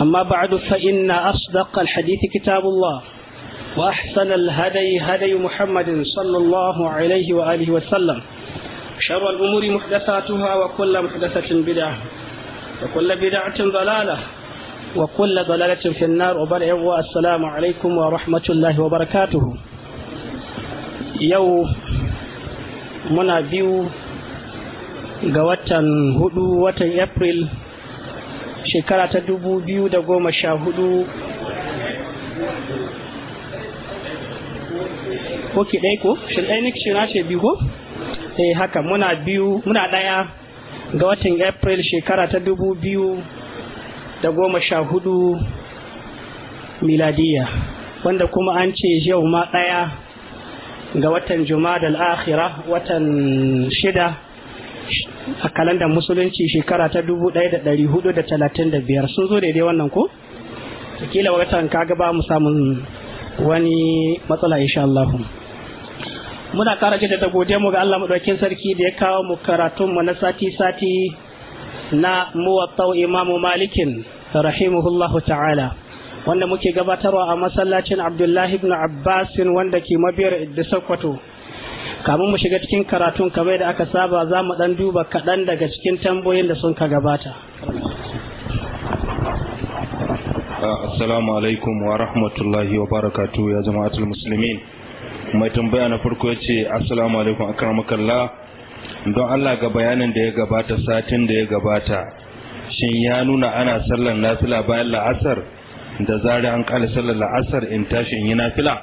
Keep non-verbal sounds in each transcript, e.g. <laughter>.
أما بعد فإن أصدق الحديث كتاب الله وأحسن الهدي هدي محمد صلى الله عليه وآله وسلم شر الأمور محدثاتها وكل محدثة بدعة وكل بدعة ضلالة وكل ضلالة في النار وبرع والسلام عليكم ورحمة الله وبركاته يوم منا بيو غواتن هدو واتن أبريل shekara ta dubu biyu da goma sha hudu ok ɗaya ko shin ɗaya nake shina ce biyu ko eh haka muna biyu muna ɗaya ga watan april shekara ta dubu biyu da goma sha hudu miladiya wanda kuma an ce yau ma ɗaya ga watan juma'a da al'akhira watan shida a kalandar musulunci shekara ta dubu ɗaya da ɗari hudu da talatin da biyar sun zo daidai wannan ko kila watan kaga ba mu samun wani matsala insha Allah muna kara jita da godiya mu ga Allah madaukin sarki da ya kawo mu karatun mu na sati sati na muwatta imam malikin rahimahullahu ta'ala wanda muke gabatarwa a masallacin Abdullahi ibn Abbas wanda ke mabiyar da Sokoto kamun mu shiga cikin karatun kamar da aka saba za mu dan duba kaɗan daga cikin tambayoyin da sun ka gabata ah, assalamu alaikum wa rahmatullahi wa barakatuh ya jama'atul muslimin mai tambaya na farko ya ce assalamu alaikum akramakallah don Allah ga bayanin da ya gabata satin da ya gabata shin ya nuna ana sallar nafila bayan la'asar da zari an kala sallar la'asar in tashi in yi nafila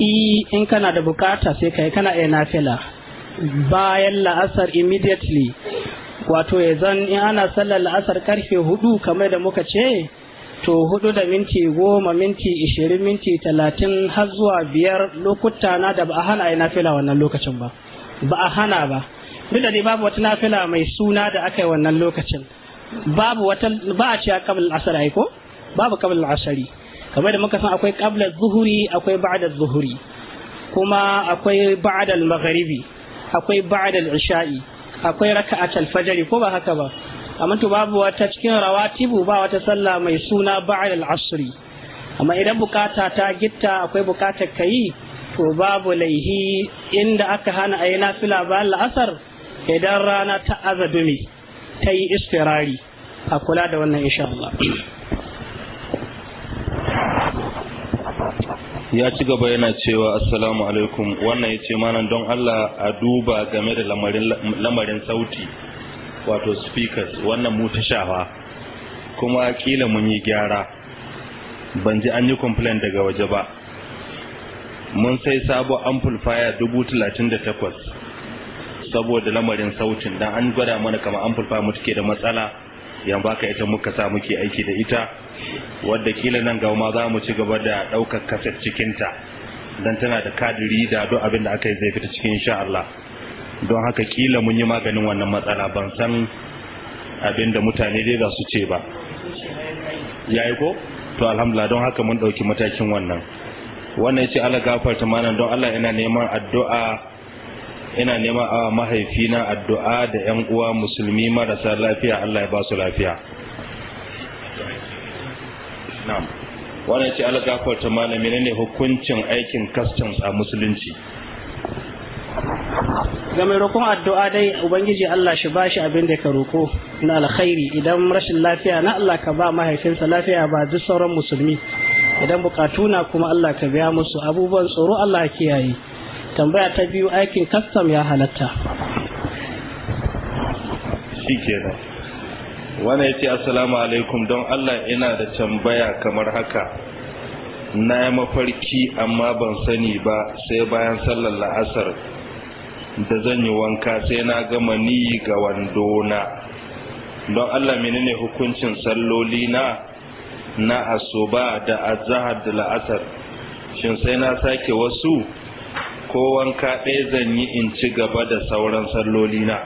i in kana da bukata sai kai kana iya nafila bayan la'asar immediately wato ya zan in ana sallar la'asar karfe hudu kamar da muka ce to hudu da minti goma minti ishirin minti talatin har zuwa biyar lokuta na da ba a hana a nafila wannan lokacin ba ba a hana ba duk da dai babu wata nafila mai suna da aka yi wannan lokacin babu wata ba a cewa kamar ko babu kamar asari kamar da muka san akwai qabla zuhuri akwai ba'da zuhuri kuma akwai ba'da al-maghribi akwai ba'da al-isha'i akwai raka'at al-fajr ko ba haka ba amma to babu wata cikin rawatibu ba wata sallah mai suna ba'da al-asri amma idan bukata ta gitta akwai bukatar kayi to babu laihi inda aka hana ayi nafila ba al la'asar idan rana ta azadumi ta yi istirari a kula da wannan insha Allah ya ci gaba yana cewa assalamu alaikum wannan ya ce manan don Allah a duba game da lamarin sauti wato speakers wannan mu ta tashawa kuma kila mun yi gyara ban ji an yi complain daga waje ba mun sai sabon amplifier dubu talatin da takwas saboda lamarin sautin dan an gwada mana kama amplifier mu take da matsala yan baka ita muka sa muke aiki da ita wadda kila nan ga ma za mu ci gaba da ɗaukar kasar cikinta don tana da kadiri da duk abin da aka yi zai fita cikin insha Allah don haka kila mun yi maganin wannan matsala ban san abin da mutane dai za su ce ba yayi ko to alhamdulillah don haka mun ɗauki matakin wannan wannan ya ce Allah gafarta malam don Allah yana neman addu'a ina neman a mahaifina addu'a da yan uwa musulmi marasa lafiya Allah ya ba su lafiya na'am wannan ce algafar ta malami ne hukuncin aikin customs a musulunci ga mai roƙon addu'a dai ubangiji Allah shi bashi abin da ka roƙo na alkhairi idan rashin lafiya na Allah ka ba mahaifinsa lafiya ba duk sauran musulmi idan bukatu na kuma Allah ka biya musu abubuwan tsoro Allah kiyaye tambaya ta biyu aikin kastam ya halatta shi kenan wani ya ce assalamu alaikum don allah ina da tambaya kamar haka na yi mafarki amma ban sani ba sai bayan sallar la'asar da zan yi wanka sai na gama ni ga wando na. don allah menene hukuncin salloli na na asuba da azahar da la'asar shin sai na sake wasu ko wanka ɗaya zan yi in ci gaba da sauran salloli na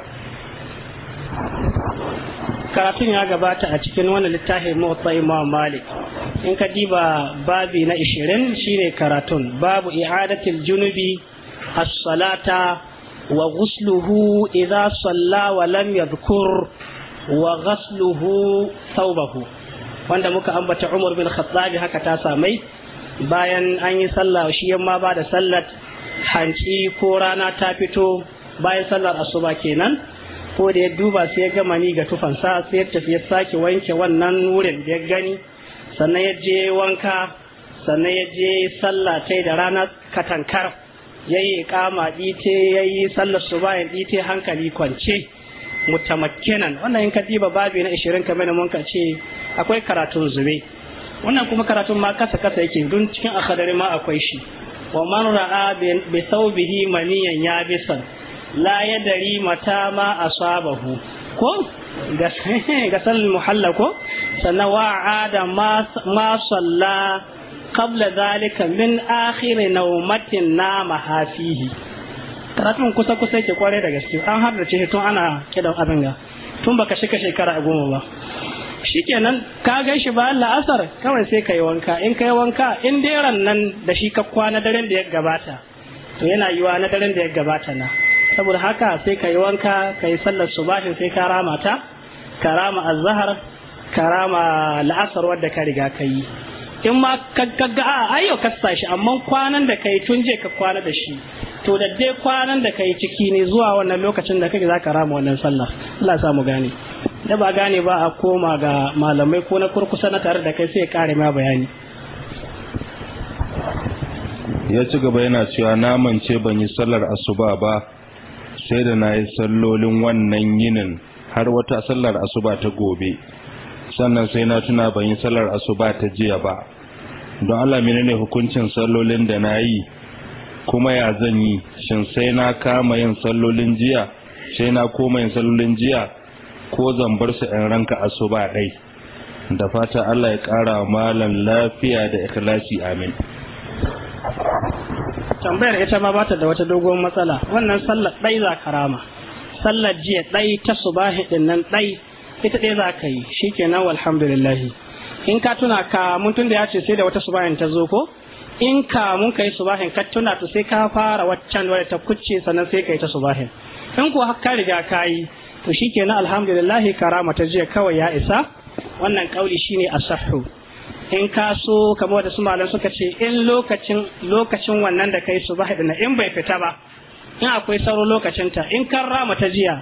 karatun ya gabata a cikin wani littafin motsa imam malik in ka diba babi na 20 shine karatun babu i'adatil junubi as-salata wa ghusluhu idza salla wa lam yadhkur wa ghasluhu thawbahu wanda muka ambata Umar bin Khattab haka ta samai bayan an yi sallah shi yamma ba da sallat hanci ko rana ta fito bayan sallar asuba kenan ko da ya duba sai ya gama ni ga tufansa sai ya tafi ya sake wanke wannan wurin da ya gani sannan ya je wanka sannan ya je sallah ta da rana katankar ya yi kama ɗite ya yi sallar su bayan ɗite hankali kwance mutamakkinan wannan in ka diba babi na ishirin kamar mun ka ce akwai karatun zube wannan kuma karatun ma kasa kasa yake don cikin akadari ma akwai shi Wa man ra'a ومن رأى بثوبه منيا يابسا لا يدري متى ما أصابه ko ga <laughs> sallin muhalla ko sannawa ada ma salla kabla zalika min akhirin naumatin na mahafihi karatun kusa kusa ke kware da gaske an har da ce tun ana kidan abin ga tun baka shika a goma ba shikenan ka gan shi bayan la'asar kawai sai ka yi wanka in ka yi wanka in deran nan da shi ka kwana daren da ya gabata to yana yiwa na daren da ya gabata na saboda haka sai ka yi wanka ka yi sallar subahin sai ka rama ta ka rama azhar ka rama la'asar wadda ka riga ka yi in ma ka ga a ayo ka shi amma kwanan da kai tun je ka kwana da shi to da dai kwanan da kai ciki ne zuwa wannan lokacin da kake za ka rama wannan sallar Allah ya samu gane da ba gane ba a koma ga malamai ko na kurkusa na tare da kai sai ya kare ma bayani ya ci gaba yana cewa naman ce ban yi sallar asuba ba sai da na yi sallolin wannan yinin har wata sallar asuba ta gobe sannan sai na tuna ban yi sallar asuba ta jiya ba don Allah ne hukuncin sallolin da na yi kuma ya zan yi shin sai na kama yin sallolin jiya sai na koma yin sallolin jiya ko zan bar su in ranka asuba dai da fata Allah ya kara malam lafiya da ikhlasi amin tambayar ita ma bata da wata dogon matsala wannan sallar ɗai za ka rama sallar jiya ɗai ta subahi ɗin nan ɗai ita ɗai za ka yi shikenan alhamdulillah in ka tuna ka mun tun da ya ce sai da wata subahin ta zo ko in ka mun kai subahin ka tuna to sai ka fara waccan wadda ta kucce sannan sai ka yi ta subahin in ku har riga ka yi to shikenan alhamdulillah karama ta jiya kawai ya isa wannan kauli shine sahu in ka so kamar da su malam suka ce in lokacin lokacin wannan da kai ba na in bai fita ba in akwai sauran lokacin in kan ta jiya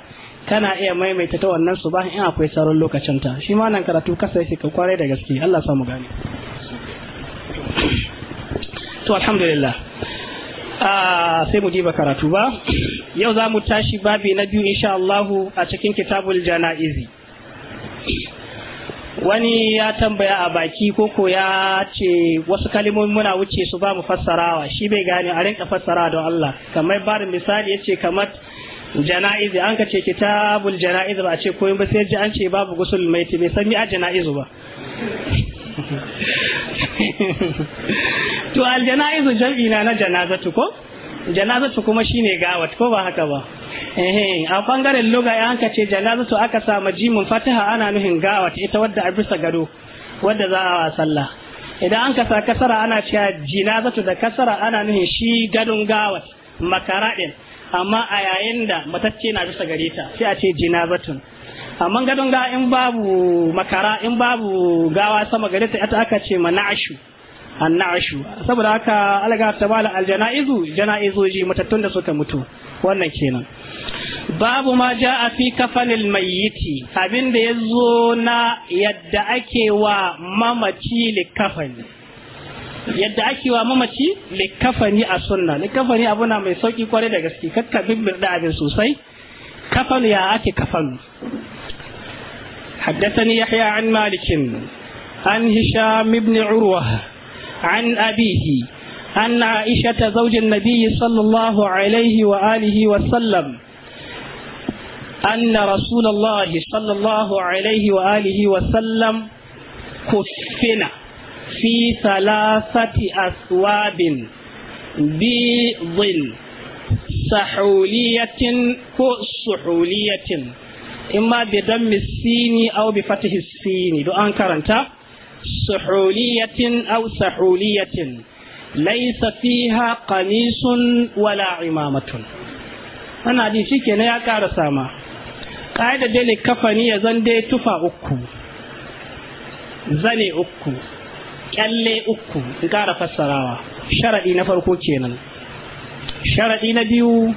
kana iya maimaita ta wannan su ba in akwai sauran lokacin ta shi ma nan karatu kasa yake ka kware da gaske Allah samu gani Ah, sai mu diba karatu ba yau za mu tashi babi na biyu insha Allahu a cikin kitabul jana'izi wani ya tambaya a baki ko ya ce wasu kalimomi muna wuce su ba mu fassarawa shi bai gane a rinka fassarawa don Allah kamar barin misali ya ce kamar jana'izi an ka ce kitabul jana'izi ba a ce koyin ba sai ji an ce babu gusul mai bai san a jana'izu ba to aljana'izu jam'i na na janazatu ko janazatu kuma shine gawat ko ba haka ba eh a bangaren luga ya hanka ce janazatu aka samu jimin fataha ana nuhin gawat ita wadda a bisa gado wadda za a wa sallah idan an kasa kasara ana cewa jinazatu da kasara ana nuhin shi gadon gawat makara din amma a yayin da matacce na bisa gare ta sai a ce jinazatun amma gadon ga in babu makara in babu gawa sama gare ta ita aka ce mana'ashu annashu saboda haka alaga ta bala aljanaizu ji matattun da suka mutu wannan kenan babu ma jaa fi kafanil mayyiti abin da zo na yadda ake wa mamaci likafani yadda ake wa mamaci likafani a sunna likafani abu na mai sauki kwarai da gaske kakka bimbir da abin sosai kafan ya ake kafan حدثني يحيى عن مالك عن هشام بن عروة عن أبيه أن عائشة زوج النبي صلى الله عليه وآله وسلم أن رسول الله صلى الله عليه وآله وسلم كفن في ثلاثة أثواب بيض سحولية كسحولية in ma bi dammi sini aw bi fatihi sini do an karanta suhuliyatin aw sahuliyatin laysa fiha qamisun wala imamatun ana ji shikenan ya kara sama kaida dai kafani ya zan dai tufa uku zane uku kyalle uku in kara fassarawa sharadi na farko kenan sharadi na biyu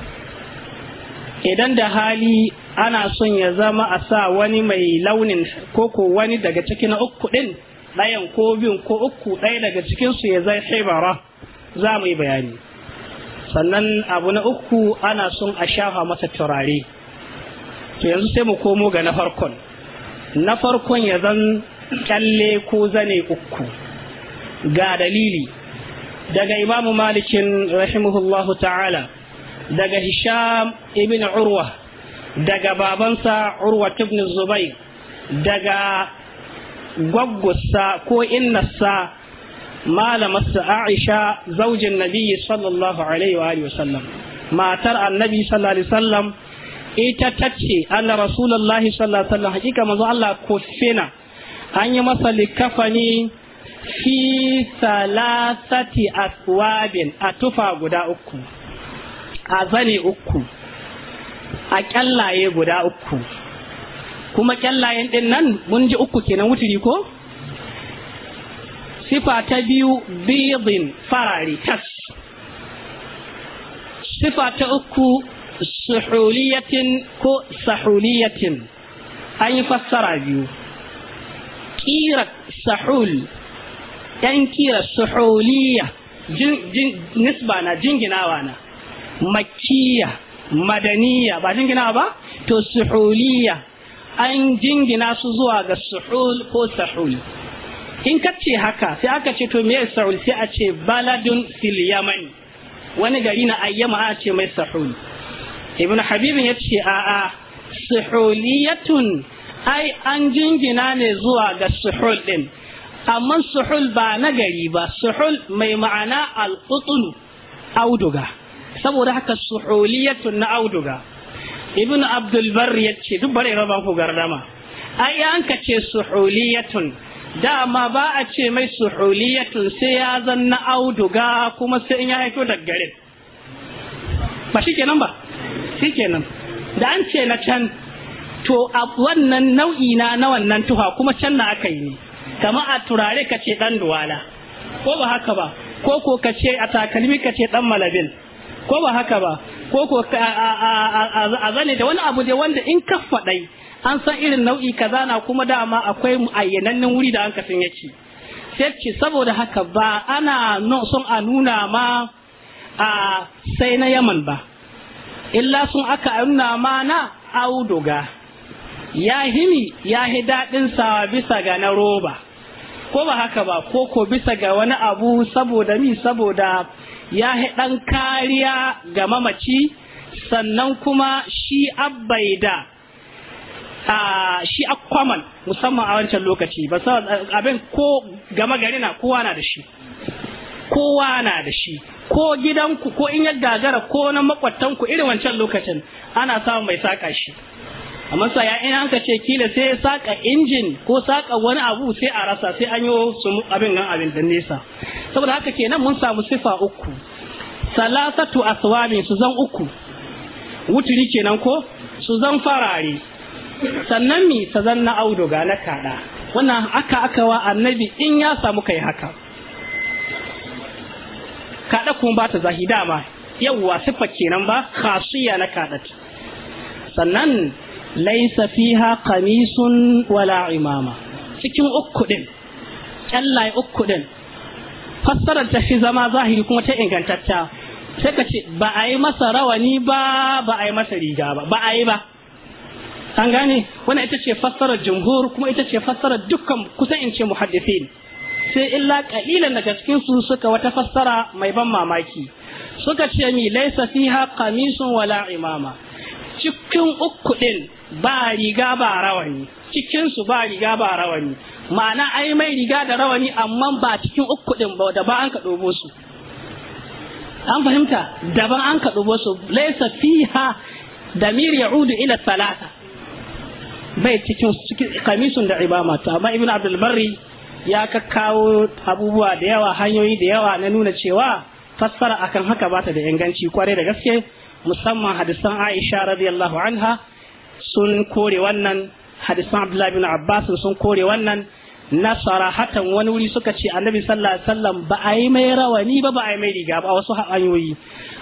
idan da hali ana son ya zama a sa wani mai launin koko wani daga cikin uku ɗin ɗayan ko biyun ko uku ɗaya daga cikinsu ya zai haibara za mu yi bayani sannan abu na uku ana son a shafa masa turare to yanzu sai mu komo ga na farkon na farkon ya zan kyalle ko zane uku ga dalili daga imamu malikin rahimahullahu ta'ala daga hisham ibn urwa daga babansa urwa ibn zubair daga gwaggwarsa ko innarsa malamarsa aisha zaujin nabi sallallahu alaihi wa sallam matar annabi sallallahu alaihi sallam ita ta ce anna rasulullahi sallallahu alaihi sallam hakika manzo Allah kofina an yi masa likafani fi salasati aswabin a tufa guda uku a zane uku a kyallaye guda uku kuma kyallayen din nan mun ji uku kenan wuturi ko sifa ta biyu bidin farari tas sifa ta uku suhuliyatin ko sahuliyatin an yi fassara biyu kira sahul yan kira suhuliya nisba na jinginawa na makiya madaniya ba jingina ba to suhuliya an jingina su zuwa ga suhul ko sahul in ka ce haka sai aka ce to me sahul sai a ce baladun fil yaman wani gari na ayyama a ce mai sahul ibn habibin ya ce a'a suhuliyatun ai an jingina ne zuwa ga suhul din amma suhul ba na gari ba suhul mai ma'ana al-qutlu auduga saboda haka suhuliyatun na auduga ibn abdul bar ce duk bare raba ku gardama ai an ka ce suhuliyatun dama ba a ce mai suhuliyatun sai ya zan auduga kuma sai in ya haifo da garin ba shi kenan ba shi kenan da an ce na can to a wannan nau'i na na wannan tuha kuma can na aka yi ne kama a turare ka ce dan duwala ko ba haka ba ko ko ka ce a takalmi ka ce dan malabil ko ba haka ba ko ko a zane da wani abu dai wanda in ka faɗai an san irin nau'i kaza na kuma dama akwai ayyanannen wuri da an ka sun yake sai saboda haka ba ana son a nuna ma a sai na yaman ba illa sun aka nuna ma na auduga ya himi ya hi daɗin sa bisa ga na roba ko ba haka ba ko ko bisa ga wani abu saboda mi saboda ya ɗan kariya ga mamaci sannan kuma shi abbai da shi akwaman musamman a wancan lokaci ba abin ko gama gari na kowa na da shi kowa na da shi ko gidanku ko in ya gagara ko na makwattanku irin wancan lokacin ana samun mai saka shi amma sa ya ina aka ce kila sai saka injin ko saka wani abu sai a rasa sai an yi su abin nan abin da nesa saboda haka kenan mun samu sifa uku salasatu aswabin su zan uku wuturi kenan ko su zan farare sannan mi sa zan na auduga na kada wannan aka aka wa annabi in ya samu kai haka kada kuma ba ta zahi dama yawwa sifa kenan ba khasiya na kadat sannan laisa fiha kamisun, wala imama cikin uku din kyallaye uku din fassarar ta fi zama zahiri kuma ta ingantacca sai ka ce ba a yi masa rawani ba ba a yi masa riga ba ba a yi ba an gane wannan ita ce fassarar jumhur kuma ita ce fassarar dukkan kusan in ce muhaddisin sai illa kalilan daga cikin su suka wata fassara mai ban mamaki suka ce mi laisa fiha qamisun wala imama cikin uku ɗin ba riga ba rawani cikinsu ba riga ba rawani ma'ana ai mai riga da rawani amma ba cikin uku ɗin ba da ba an ka ɗobo su an fahimta daban an ka dobo su laysa fiha ya udu ila salata bai cikin kamisun da ibama to amma ibnu abdul ya kawo abubuwa da yawa hanyoyi da yawa na nuna cewa fassara akan haka ba ta da inganci kwarai da gaske musamman hadisan Aisha radiyallahu anha sun kore wannan hadisan Abdullahi bin Abbas sun kore wannan Nasara sarahatan wani wuri suka ce annabi sallallahu alaihi wasallam ba a yi mai rawani ba ba a yi mai riga ba a wasu hanyoyi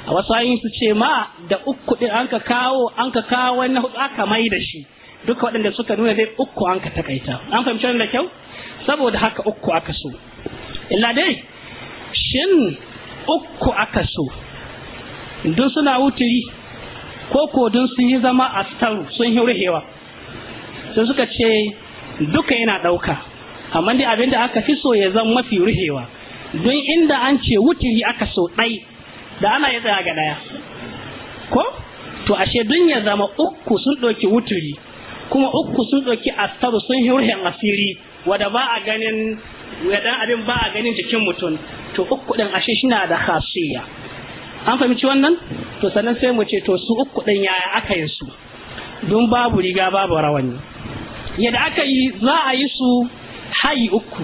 a wasu hanyoyi su ce ma da uku din an ka kawo an ka kawo wani hudu aka mai da shi duka waɗanda suka nuna dai uku an ka takaita an fahimci wannan da kyau saboda haka uku aka so illa dai shin uku aka so dun suna wuturi ko ko dun sun yi zama a staru sun yi ruhewa sun suka ce duka yana ɗauka amma dai abin da aka fi so ya zama mafi ruhewa don inda an ce wuturi aka so ɗai da ana yi tsaya ga ɗaya ko to ashe dun ya zama uku sun ɗauki wuturi kuma uku sun ɗauki astaru sun yi rihen asiri wadda ba a ganin ya abin ba a ganin jikin mutum to uku ɗin ashe shina da khasiyya an fahimci wannan to sannan sai mu ce to su uku ɗin yaya aka yi su don babu riga babu rawani yadda aka yi za a yi su hayi uku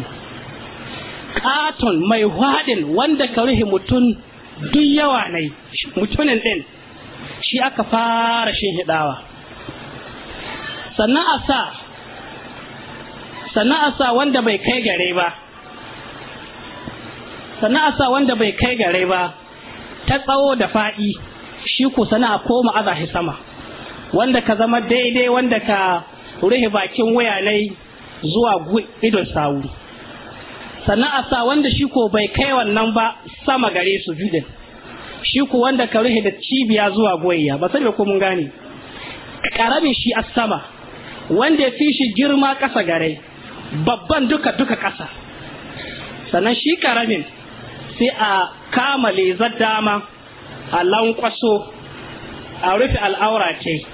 katon mai haɗin wanda ka rufe mutum duk yawa ne mutumin ɗin shi aka fara shi hidawa sannan a sa sannan wanda bai kai gare ba sannan a sa wanda bai kai gare ba ta tsawo da fa'i shi ku sana a koma a sama wanda ka zama daidai wanda ka rufe bakin waya zuwa idon sawu sannan a sa wanda shi ko bai kai wannan ba sama gare su judin shi ku wanda ka rufe da cibiya zuwa goyiya ba sai ko mun gane karamin shi a sama wanda ya fi shi girma ƙasa gare babban duka duka ƙasa sannan shi karamin sai a kama lezar dama a lankwaso a rufe al'aura ce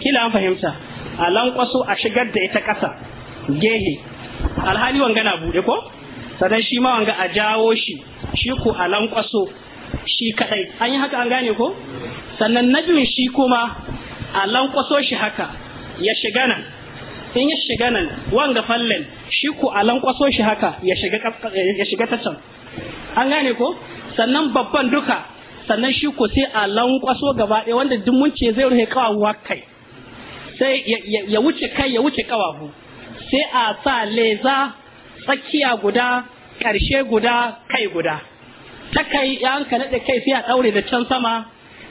kila an fahimta a lankwaso a shigar da ita ƙasa gehe alhali wanga na buɗe ko sannan shi ma wanga a jawo shi shi ko a lankwaso shi kadai an yi haka an gane ko sannan na biyun shi kuma a lankwaso shi haka ya shiga nan in ya shiga nan wanga fallen shi ko a lankwaso shi haka ya shiga ta can an gane ko sannan babban duka sannan shi ko sai a lankwaso gaba ɗaya wanda duk mun ce zai rufe kawahu kai sai ya wuce kai ya wuce kawahu sai a sa leza tsakiya guda ƙarshe guda kai guda ta kai ya ka naɗe kai sai a ɗaure da can sama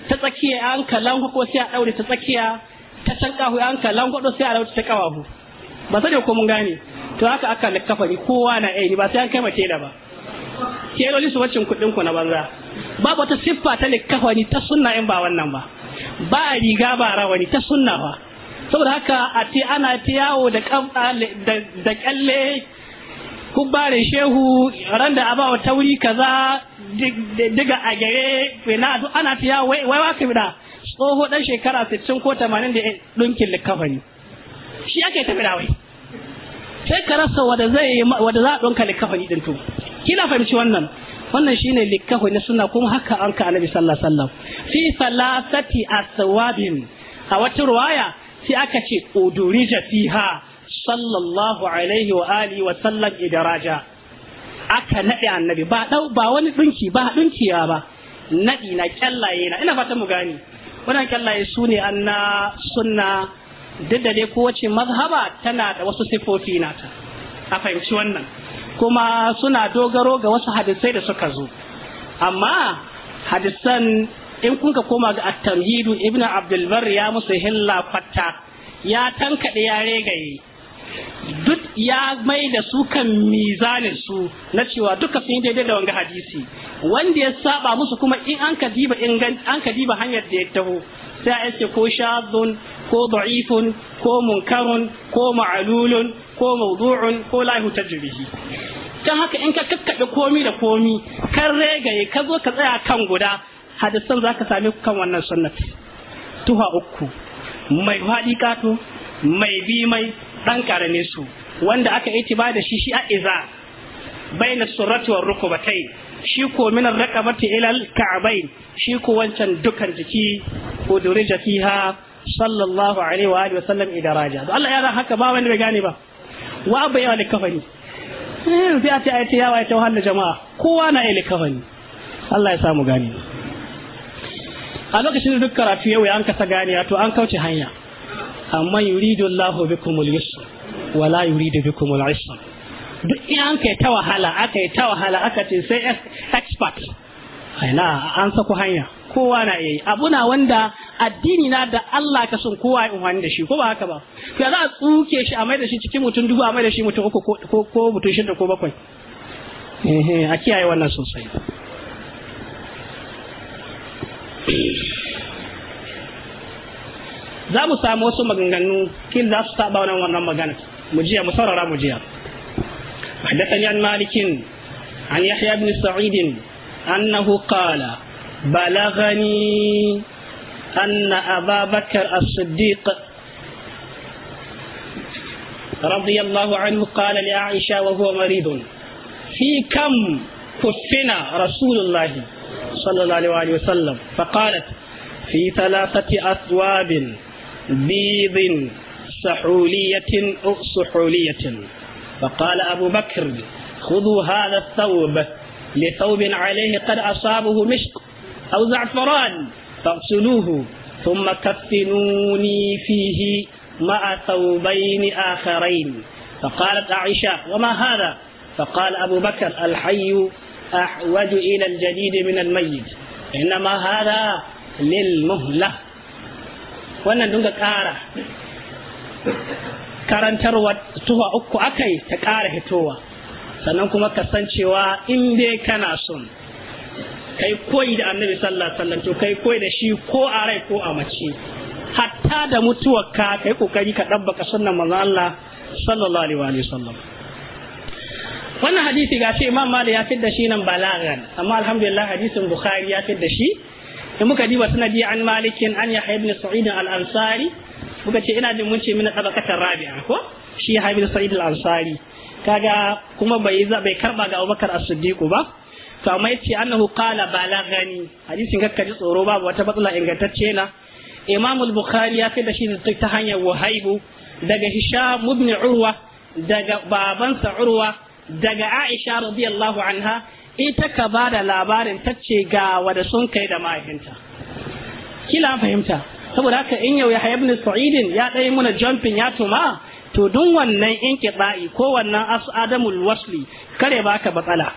ta tsakiya ya hanka lankwako sai a ɗaure ta tsakiya ta can ƙahu ya hanka lankwado sai a ɗaure ta kawahu ba sai ko mun gane to haka aka ni kowa na aini ba sai an kai mace da ba yi su wacin kuɗin ku na banza babu wata siffa ta likafani ta sunna in ba wannan ba ba a riga ba rawani ta sunna ba saboda haka a ce ana ta yawo da da kyalle kubbare shehu ran da abawa tauri kaza diga a gare fina duk ana ta yawo wai waka bida tsoho dan shekara 60 ko 80 da dunkin likafani shi ake tafi da wai sai ka rasa wanda zai wanda za a dunka likafani din to Kina fahimci wannan wannan shine likkahu na sunna kuma haka an ka annabi sallallahu alaihi wasallam fi salasati aswabin a wata ruwaya sai aka ce udurija fiha sallallahu alaihi wa alihi wa sallam idaraja aka nade annabi ba dau ba wani dinki ba dinkiya ba nadi na kyallaye na ina fata mu gani wannan kyallaye sune anna sunna duk da dai kowace mazhaba tana da wasu sifofi nata a fahimci wannan kuma suna dogaro ga wasu hadisai da suka zo amma hadisan in kun ka koma ga at-tamhidu ibnu abdul bar ya musu hilla fatta ya tankade ya regaye duk ya mai da su kan mizanin su na cewa duka sun yi daidai da wanga hadisi wanda ya saba musu kuma in an ka diba ingan an ka diba hanyar da ya taho sai a ko shadun ko da'ifun ko munkarun ko ma'alulun ko mawdu'un ko la yuhtaju dan haka in ka kakkaɓe komi da komi kan regaye ka zo ka tsaya kan guda hadisan za ka same kan wannan sunnat tuha uku mai faɗi kato mai bi mai ɗan ƙarame su wanda aka yi ba da shi shi a iza bai na surratuwar rukubatai shi ko min raqabati ila al-ka'bayn shi ko wancan dukan jiki ko durija fiha sallallahu alaihi wa alihi wa sallam idaraja to Allah ya ran haka ba wani bai gane ba wa abai wa likafani eh, sai a ta ayati ya wayta wahala jama'a kowa na ila kafani Allah ya samu gane a lokacin da duk karatu yau an kasa gane to an kauce hanya amma yuridu Allahu bikumul yusra wala yuridu bikumul isra duk in an kai ta wahala aka yi ta wahala aka ce sai expert aina an sako hanya kowa na iya yi abu na wanda addini na da Allah ka sun kowa in wani da shi ko ba haka ba ya za a tsuke shi a mai da shi cikin mutum dubu a mai da shi mutum uku ko mutum shida ko bakwai eh, a kiyaye wannan sosai za mu samu wasu maganganu kin za su taɓa wannan wannan magana mu jiya mu saurara mu jiya حدثني عن مالك عن يحيى بن سعيد أنه قال بلغني أن أبا بكر الصديق رضي الله عنه قال لعائشة وهو مريض في كم كفنا رسول الله صلى الله عليه وآله وسلم فقالت في ثلاثة أثواب بيض سحولية أو سحولية فقال أبو بكر خذوا هذا الثوب لثوب عليه قد أصابه مشك أو زعفران فاغسلوه ثم كفنوني فيه مع ثوبين آخرين فقالت عائشة وما هذا فقال أبو بكر الحي أحوج إلى الجديد من الميت إنما هذا للمهلة وأنا دونك ƙara karantarwa tuwa uku akai ta ƙara hitowa sannan kuma kasancewa in dai kana son kai koyi da annabi sallallahu alaihi wasallam to kai koyi da shi ko a rai ko a mace hatta da mutuwar ka kai kokari ka dabbaka sunnan manzon Allah sallallahu alaihi wasallam wannan hadisi ga ce imam malik ya fidda shi nan balagan amma alhamdulillah hadisin bukhari ya fidda shi in muka diba sanadi an malikin an yahya ibn sa'id al-ansari kuka ce ina jin mun ce mina tabakatar rabi'a ko shi da Sa'id al-Ansari kaga kuma bai bai karba ga Abubakar As-Siddiq ba to amma yace annahu qala balagani hadisin kakka ji tsoro babu wata matsala ingantacce na Imam al-Bukhari ya fi da shi ta hanyar wahaibu daga Hisham ibn Urwa daga babansa Urwa daga Aisha radiyallahu anha ita ka ba da labarin tace ga wada sun kai da mahinta kila fahimta saboda haka in yau Yahya ibn Sa'id ya dai muna jumping ya tuma to dun wannan inqita'i ko wannan as adamul wasli kare baka batsala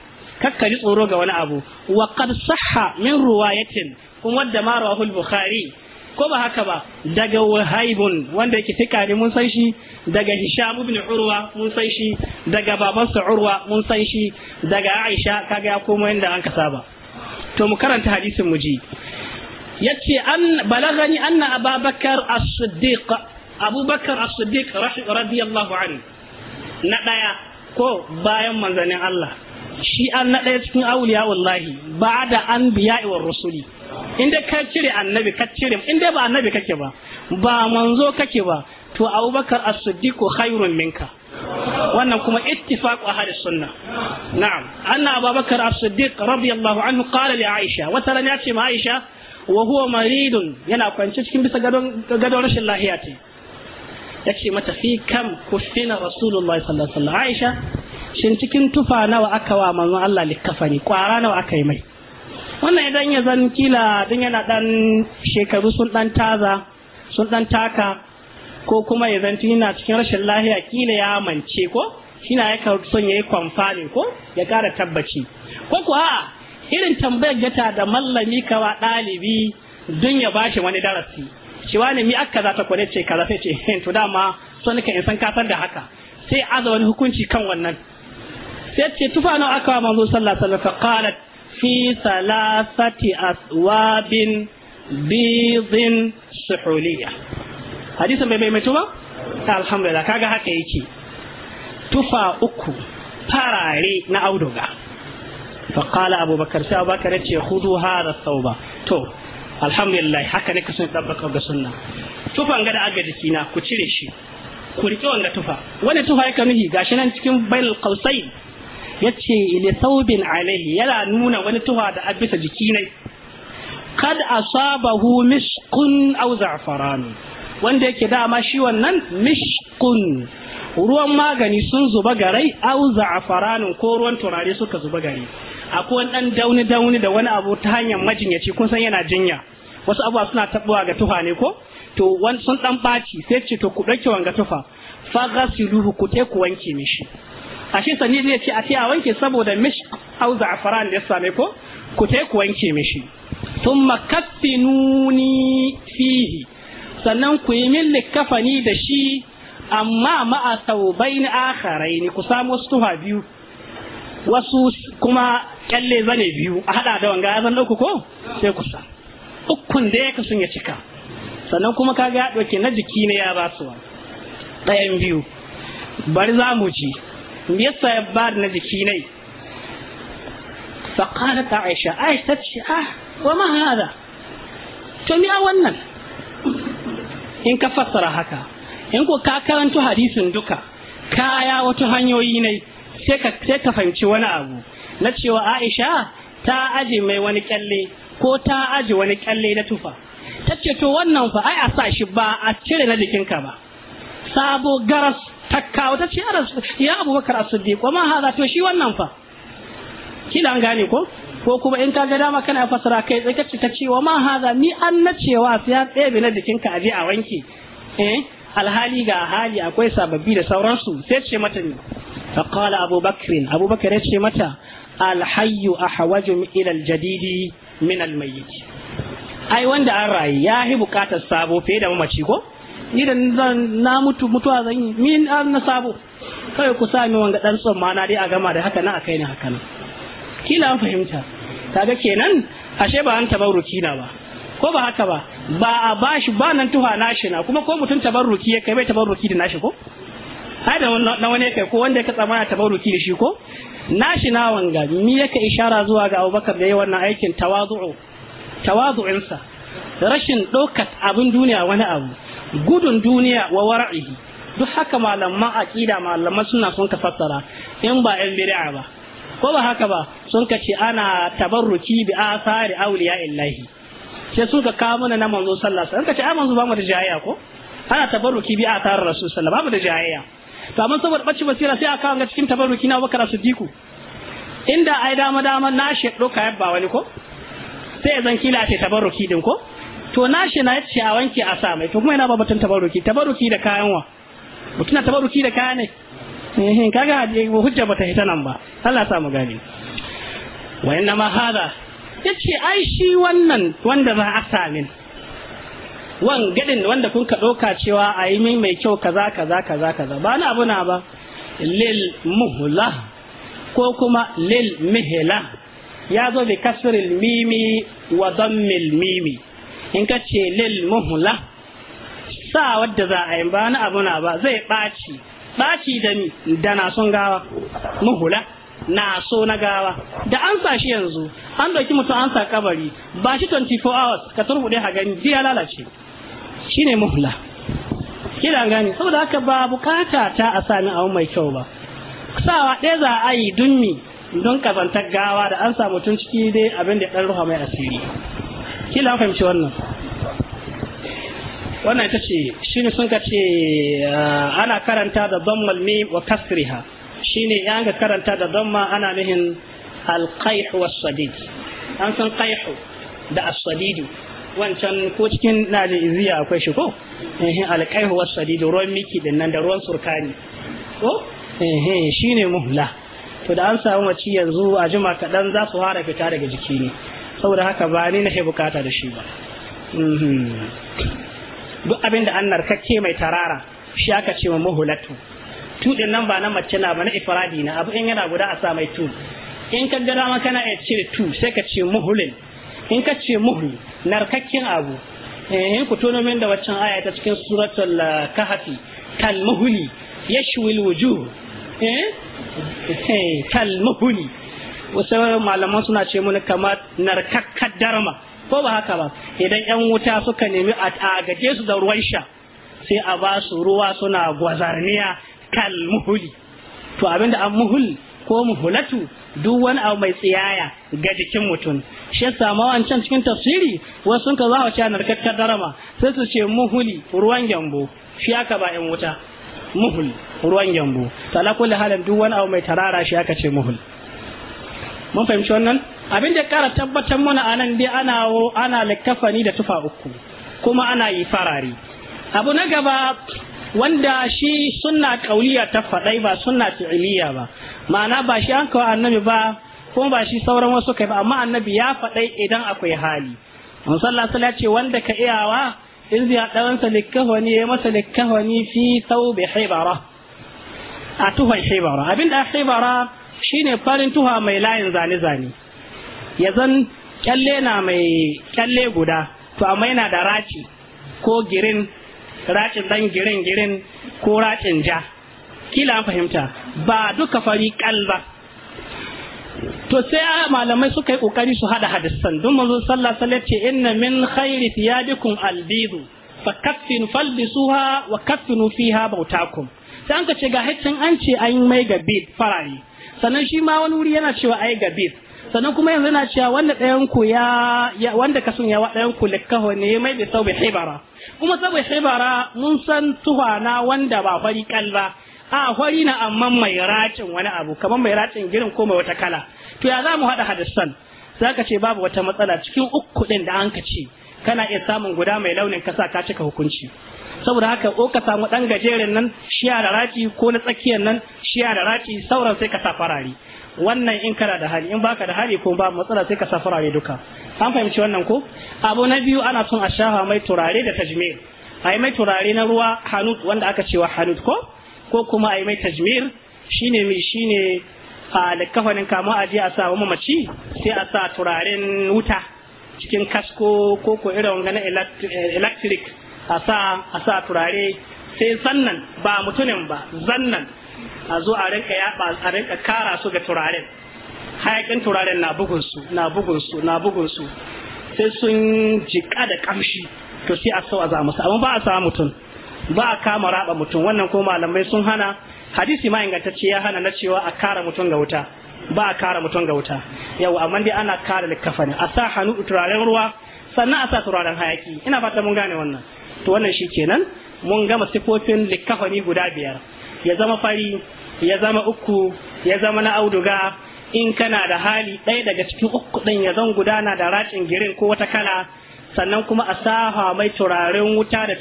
kakkari tsoro ga wani abu wa qad sahha min ruwayatin kun wadda ma rawahul bukhari ko ba haka ba daga wahaibun wanda yake tika ne mun san shi daga hisham ibn urwa mun san shi daga babansa urwa mun san shi daga aisha kaga ya komo inda an kasaba, ba to mu karanta hadisin mu ji yace an balagani anna ababakar as-siddiq abubakar as-siddiq radiyallahu anhu na daya ko bayan manzanin Allah shi an na daya cikin auliya wallahi ba da biya iwar rusuli inda ka cire annabi ka cire inda ba annabi kake ba ba manzo kake ba to abubakar as-siddiq khairun minka wannan kuma ittifaq ahli sunna na'am anna abubakar as-siddiq radiyallahu anhu qala li aisha wata ran ya ce ma aisha wa huwa maridun yana kwance cikin bisa gadon rashin lahiya ce yace mata fi kam kufina rasulullahi sallallahu alaihi wasallam aisha shin cikin tufa nawa aka wa manzon Allah likafani kwara nawa aka yi mai wannan idan ya zan kila dan yana dan shekaru sun dan taza sun dan taka ko kuma ya zanti yana cikin rashin lahiya kila ya mance ko shi na ya son ya yi kwamfani ko ya kara tabbaci ko kuwa irin tambayar gata da mallami kawa ɗalibi don ya bashi wani darasi shi wani mi aka za ta kwane ce kaza sai ce to dama so nika in san kasar da haka sai aza wani hukunci kan wannan sai ce tufa nawa aka wa manzo sallallahu alaihi wasallam qalat fi salasati aswabin bidin suhuliya hadisin bai maimaito ba alhamdulillah kaga haka yake tufa uku farare na auduga فقال abubakar بكر سي أبو بكر خذوا هذا الثوب تو الحمد لله haka ne kasan tabbaka ga sunna tufan gada aga jikina ku cire shi ku rike wanda tufa Wani tufa yake nuhi gashi nan cikin bail qausain yace ila thawbin alaihi yana nuna wani tufa da abisa jiki ne kad asabahu mishqun aw za'faran wanda yake dama shi wannan mishqun ruwan magani sun zuba garai au faranin ko ruwan turare suka zuba gari akwai wani dan dauni dauni da wani abu ta hanyar majinyaci kun san yana jinya wasu abuwa suna tabbawa ga tufa ne ko to wani sun dan baci sai ce to ku dauke wanga tufa fa gasiluhu ku te ku wanke mishi ashe sani zai ce a ce a wanke saboda mish au za'afaran da ya same ko ku te ku wanke mishi thumma kaffinuni fihi sannan ku yi min likafani da shi amma ma'a saubaini ne ku samu wasu tuha biyu wasu kuma kyalle zane biyu a hada da wanga zan dauku ko sai ku sa ukun da yake sun ya cika sannan kuma kaga ya dauke na jiki ne ya ba su ɗayan biyu bari za mu ci me yasa ya ba na jiki ne aisha عائشة ce ah wa ma هذا to ni a wannan in ka fassara haka in ko ka karanto hadisin duka kaya wata hanyoyi ne sai ka sai ka fahimci wani abu na cewa Aisha ta aje mai wani kyalle ko ta aje wani kyalle na tufa ta ce to wannan fa ai a sa shi ba a cire na jikinka ba sabo garas ta kawo ta ce ya Bakar as-siddiq kuma haza to shi wannan fa kila an gane ko ko kuma in ka ga dama kana fasara kai sai kace ta ce wa ma haza ni an na cewa sai ya tsaye na jikinka aje a wanke eh alhali ga hali akwai sababbi da sauransu sai ce mata ne فقال أبو بكر أبو بكر يتشي متى الحي أحوج min الجديد Ai wanda an وند ya يا bukatar sabo fiye da mamaci ko, idan zan na mutu mutuwa zan yi min an na sabo kai ku sa ni wanga dan son mana dai a gama da haka na akai ne haka kila an fahimta kaga kenan ashe ba an tabaruki na ba ko ba haka ba ba a bashi ba nan tuha nashi na kuma ko mutum tabarruki ya kai bai tabarruki da nashi ko har da na wani kai ko wanda ya katsa mana tabarruki da shi ko nashi na wanga ni yake ishara zuwa ga Abubakar da yayi wannan aikin tawazu'u tawazu'insa rashin ɗaukar abin duniya wani abu gudun duniya wa wara'ihi duk haka malaman aqida malaman suna sun ka fassara in ba yan bid'a ba ko ba haka ba sun ka ce ana tabarruki bi asari awliya illahi sai suka kawo mana na manzo sallallahu alaihi wasallam kace ai manzo ba mu da jayayya ko ana tabarruki bi a tare rasul sallallahu alaihi wasallam ba mu da jayayya to amma saboda bacci basira sai aka ga cikin tabarruki na bakara Siddiku inda ai dama dama na shi doka yabba wani ko sai zan kila ce tabarruki din ko to na shi na yace a wanke a sa mai to kuma yana ba batun tabarruki tabarruki da kayan wa mutuna tabarruki da kayan ne eh kaga hujja bata hita nan ba Allah ya sa mu gane wa inna ma hada ce ai shi wannan wanda za a samin wan wanda kun ka ɗauka cewa a yi min mai kyau kaza kaza kaza kaza ba na abu na ba lil muhla ko kuma lil mihla ya zo bi kasril mimi wa dammil mimi in ka ce lil muhla sa wadda za a yi ba na abu na ba zai ɓaci ɓaci da ni da na sun gawa muhla na so na gawa da an sa shi yanzu an ɗauki mutum an sa kabari ba shi 24 hours ka turbuɗe ha gani ya lalace Shi ne muhla kina gani saboda haka ba bukata ta a sami abu mai kyau ba sawa ɗaya za a yi dummi don kazantar gawa da an sa mutum ciki dai abin da ɗan ruwa mai asiri kila fahimci wannan wannan ita ce shi ne sun ka ce ah, ana karanta da zammal mim wa kasriha shine ya ga karanta da damma ana nihin wa sadidi an san qaihu da asadidi wancan ko cikin najeriya akwai shi ko wa sadidi ruwan miki din nan da ruwan surkani ko shine muhla to da an samu mace yanzu a jima kaɗan za su fara fita daga jiki ne saboda haka ba ni nake bukata da shi ba mhm. duk abin da an narkakke mai tarara shi aka ce ma muhulatu tudin nan ba na mace na ba na ifradi na abu in yana guda a sa mai tu in ka ga dama kana iya cire tu sai ka ce muhulin in ka ce muhul narkakken abu eh, in ku tono min da waccan aya ta cikin suratul eh, kahfi kal muhuli yashwil wujuh eh, eh kal muhuli wasu malaman suna ce mun kamar narkakkar darma ko ba haka ba idan yan wuta suka nemi a gaje su da ruwan sha sai a ba su ruwa suna gwazarniya kal muhuli to abinda an muhul ko muhulatu duk wani abu mai tsiyaya ga jikin mutum shi yasa wancan cikin tafsiri wasu sun ka zawo cewa narkakkar darama sai su ce muhuli ruwan gyambo shi aka ba in wuta muhul ruwan gyambo to ala kulli halin duk wani abu mai tarara shi aka ce muhul mun fahimci wannan abin da kara tabbatar mana anan dai ana ana likafani da tufa uku kuma ana yi farari abu na gaba wanda shi sunna kauliya ta faɗai ba sunna fi'iliya ba ma'ana ba shi an kawo annabi ba ko ba shi sauran wasu kai ba amma annabi ya faɗai idan akwai hali mun sallah ce wanda ka iyawa in zai haɗa wansa likkahwani ya masa likahwani fi thawbi hibara a tuhon hibara da hibara shine farin tuha mai layin zane zane ya zan kyalle na mai kyalle guda to amma yana da raci ko girin racin dan girin girin ko racin ja kila an fahimta ba duka fari kalba to sai malamai suka yi kokari su hada hadisan don manzo sallallahu alaihi wasallam ce inna min khairi thiyabikum albidu kaffin falbisuha wa kaffinu fiha bautakum sai an ka ce ga haccin an ce an mai ga bid farari sannan shi ma wani wuri yana cewa ai ga bid sannan kuma yanzu yana cewa wanda ɗayan ku ya wanda ka sun yawa ɗayan ku likkaho ne mai da sau hibara kuma sau hibara mun san na wanda ba fari kalla a fari na amma mai racin wani abu kamar mai racin girin ko mai wata kala to ya za mu haɗa hadisan za ka ce babu wata matsala cikin uku ɗin da an ka ce kana iya samun guda mai launin kasa ka cika hukunci saboda haka ko ka samu ɗan gajeren nan shiya da raci ko na tsakiyar nan shiya da raci sauran sai ka sa farari wannan in kana da hali in baka da hali ko ba matsala sai ka safara ne duka an fahimci wannan ko abu na biyu ana son a shafa mai turare da tajmir a mai turare na ruwa hanut wanda aka cewa hanut ko ko kuma a mai tajmir shine mai shine a kafanin kama a je a sa wa mamaci sai a sa turaren wuta cikin kasko ko ko irin wanga electric a sa turare sai sannan ba mutunin ba zannan a zo a rinka yaba a rinka kara su ga turaren hayakin turaren na bugun su na bugun su na bugun su sai sun jika da kamshi to sai a sau a zamu amma ba a samu mutum ba a kama raba mutum wannan ko malamai sun hana hadisi ma ingantacce ya hana na cewa a kara mutum ga wuta ba a kara mutum ga wuta yau amma dai ana kara likkafa ne a sa hannu turaren ruwa sannan a sa turaren hayaki ina fata mun gane wannan to wannan shi kenan mun gama sifofin likkafani guda biyar ya zama fari ya zama uku ya zama na auduga in kana da hali ɗaya daga cikin uku ɗin ya zan gudana da racin girin ko wata kala sannan kuma a saha mai turaren wuta da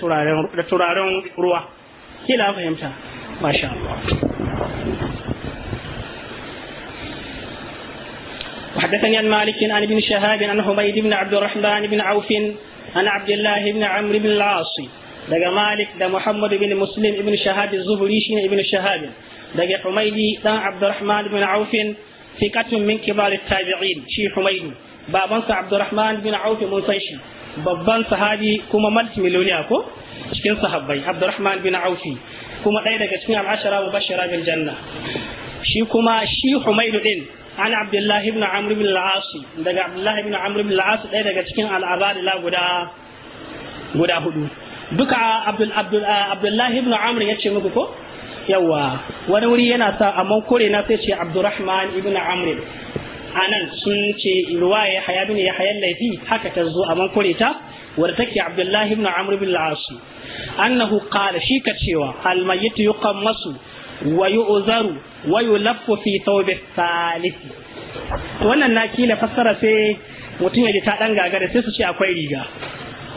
turaren ruwa kila fahimta masha Allah وحدثني عن مالك عن ابن شهاب عن حميد بن عبد الرحمن بن عوف عن عبد الله بن عمرو بن العاص daga malik da muhammad bin muslim ibn shahab zuhuri shine ibn shahab daga humaydi dan abdurrahman bin aufin fikatun min kibar tabi'in shi humaydi babansa abdurrahman bin auf mun san shi babban sahabi kuma multimiliyoniya ko cikin sahabbai abdurrahman bin aufi kuma ɗaya daga cikin al'ashara mubashshara bil janna shi kuma shi humaydu din an abdullahi ibn amr ibn al-as daga abdullahi ibn amr ibn al-as ɗaya daga cikin la guda guda hudu duka abdul abdul eh, abdullahi ibn amr yace muku ko yawa wani wuri yana sa amma kore na sai ce abdurrahman ibn amr anan sun ce ruwaya haya ya hayan laifi haka ta zo amma kore ta wadda take abdullahi ibn amr bin al-as annahu qala shi ka cewa al mayyit yuqammasu wa yu'zaru wa yulaffu fi thawbi thalith wannan na kila fassara sai mutum ya ji ta dan gagara sai su ce akwai riga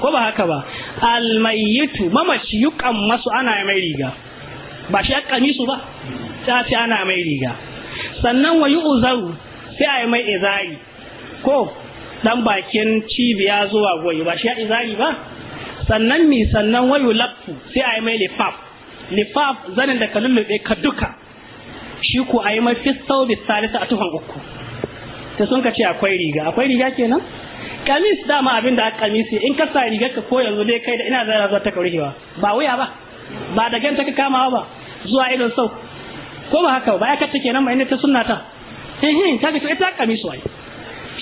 ko ba haka ba almayitu mamaci yukan masu ana mai riga ba shi akami su ba ta ce ana mai riga sannan wa uzaru sai a yi mai izari ko dan bakin cibiya zuwa goyi ba shi izari ba sannan mi sannan wayu laffu sai a yi mai lifaf lifaf zanin da ka lullube ka duka shi ko a yi mai fistau bisalisa a tuhon uku ta sun ka ce akwai riga akwai riga kenan kamis dama abin da aka kamis in ka sa rigar ka ko yanzu dai kai da ina zara zuwa ta kaurihewa ba wuya ba ba da ganta ka kamawa ba zuwa idon sau ko ba haka ba ya kace kenan ma inda ta sunna ta eh eh kaga ga ita kamis wai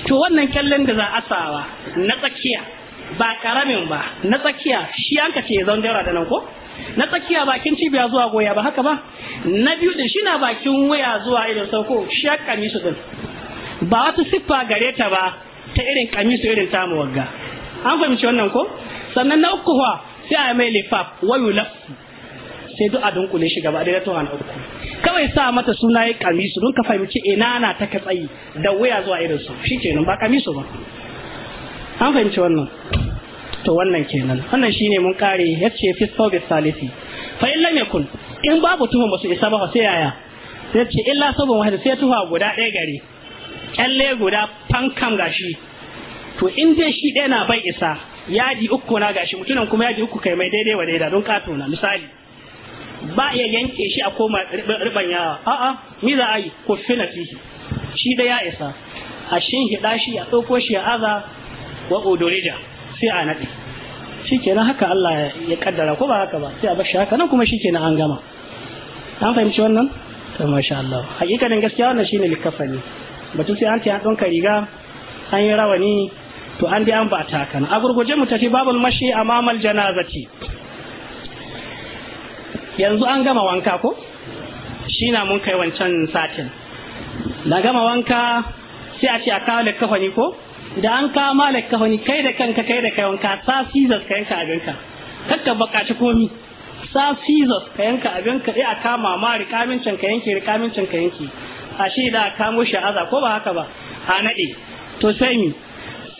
to wannan kallon da za a sawa na tsakiya ba karamin ba na tsakiya shi an kace zan daura da nan ko na tsakiya bakin cibiya zuwa goya ba haka ba na biyu din shi na bakin waya zuwa sau sauko shi ya kamisu din ba wata siffa gare ta ba ta irin kamisu irin tamu wagga an fahimci wannan ko sannan na uku fa sai a mai lifaf wayu lafsu sai duk a dunkule shi gaba ɗaya tuhan uku kawai sa mata suna ya kamisu don ka fahimci ina na ta tsayi da waya zuwa irin su shi nan ba kamisu ba an fahimci wannan to wannan kenan wannan shine mun kare yace fi sawbi salisi fa illa yakun in babu tuhu ba su isa ba sai yaya yace illa sabon wahid sai tuha guda ɗaya gare kyalle guda fankam gashi to in dai shi ɗaya na bai isa yadi uku na gashi mutunan kuma yadi uku kai mai daidai wa daidai don kato na misali ba ya yanke shi a koma riban yawa a'a mi za a yi ko fina fihi shi da ya isa a shin hida shi a ɗauko shi a aza wa odorija sai a naɗe shikenan haka Allah ya kaddara ko ba haka ba sai a bashi haka nan kuma shi shikenan an gama an fahimci wannan to masha Allah hakikanin gaskiya wannan shine likafani batun sai an ce an ɗonka riga an yi rawani to an dai an ba ta kana a gurguje mu tafi babul mashi amamal janazati yanzu an gama wanka ko shi na mun kai wancan satin da gama wanka sai a ce a kawo likkafani ko da an kawo ma likkafani kai da kanka kai da kai wanka sa sizas ka yanka abinka kakka bakaci komi sa sizas ka yanka abinka sai eh, a kama ma rikamincin ka yanke rikamincin ka yanke a shi da kamo shi aza ko ba haka ba a naɗe to sai mi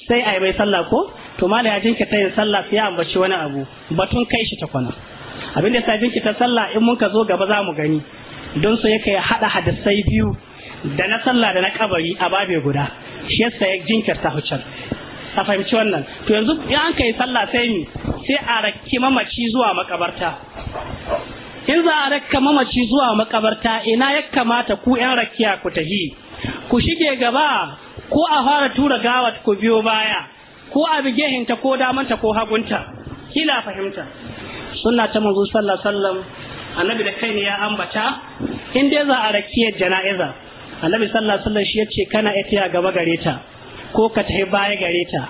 sai a yi sallah ko to mala ya jinki ta yin sallah sai ya ambaci wani abu Ba tun kai shi ta kwana abin da sai jinki ta sallah in mun ka zo gaba za mu gani don so yake haɗa hadisai biyu da na sallah da na kabari a babe guda shi yasa ya jinkirta huccar a fahimci wannan to yanzu in an kai sallah sai mi sai a raki mamaci zuwa makabarta in za a rakka mamaci zuwa makabarta ina ya kamata ku yan rakiya ku tahi ku shige gaba ko a fara tura gawat ku biyo baya ko a bigehinta ko damanta ko hagunta kila fahimta sunna ta manzo sallallahu alaihi wasallam annabi da kai ne ya ambata in dai za a rakiya jana'iza annabi sallallahu alaihi wasallam shi yace kana itiya gaba gare ta ko ka tahi baya gare ta